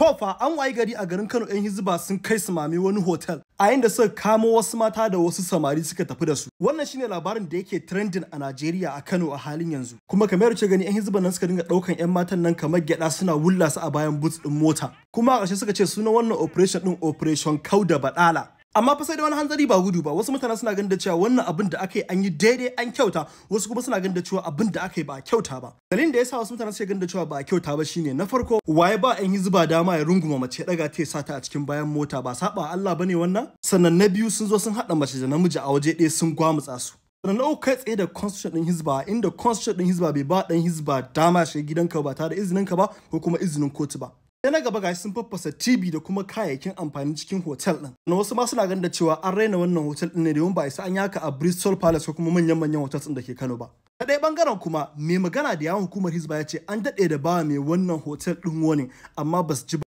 Tofa an wayi gari a garin Kano 'yan Hizba sun kai su mami wani hotel a yanda da suka kamo wasu mata da wasu samari suka tafi da su. Wannan shine labarin da yake trending a Najeriya a Kano a halin yanzu. Kuma kamar yadda gani 'yan Hizba nan suka dinga daukan 'yan matan nan kamar gyada suna wulla su a bayan boots ɗin mota. Kuma a ƙarshe suka ce sunan wannan operation din Operation da baɗala. amma fa sai da wani hanzari ba gudu ba wasu mutanen suna ganin da cewa wannan abin da aka yi an yi daidai an kyauta wasu kuma suna ganin da cewa abin da aka yi ba kyauta ba dalilin da yasa wasu mutanen suke ganin da cewa ba kyauta ba shine na farko waye ba an yi zuba dama ya runguma mace daga ta sa ta a cikin bayan mota ba saba Allah bane wannan sannan na biyu sun zo sun hada mace da namiji a waje ɗaya sun gwamutsa su sannan uku kai tsaye da constitution din hizba inda constitution din hizba bai ba dan hizba dama shiga gidanka ba tare da izininka ba ko kuma izinin kotu ba Sai na gaba gashi sun faffasa TV da kuma kayayyakin amfani cikin hotel din. Na wasu ma suna ganin da cewa an raina wannan hotel din ne domin ba isa an yaka a Bristol Palace ko kuma manyan manyan hotels din da ke Kano ba. Ta ɗaya bangaren kuma mai magana da yawon hukumar Hizba ya ce an daɗe da ba mai wannan hotel din wani amma ba su ji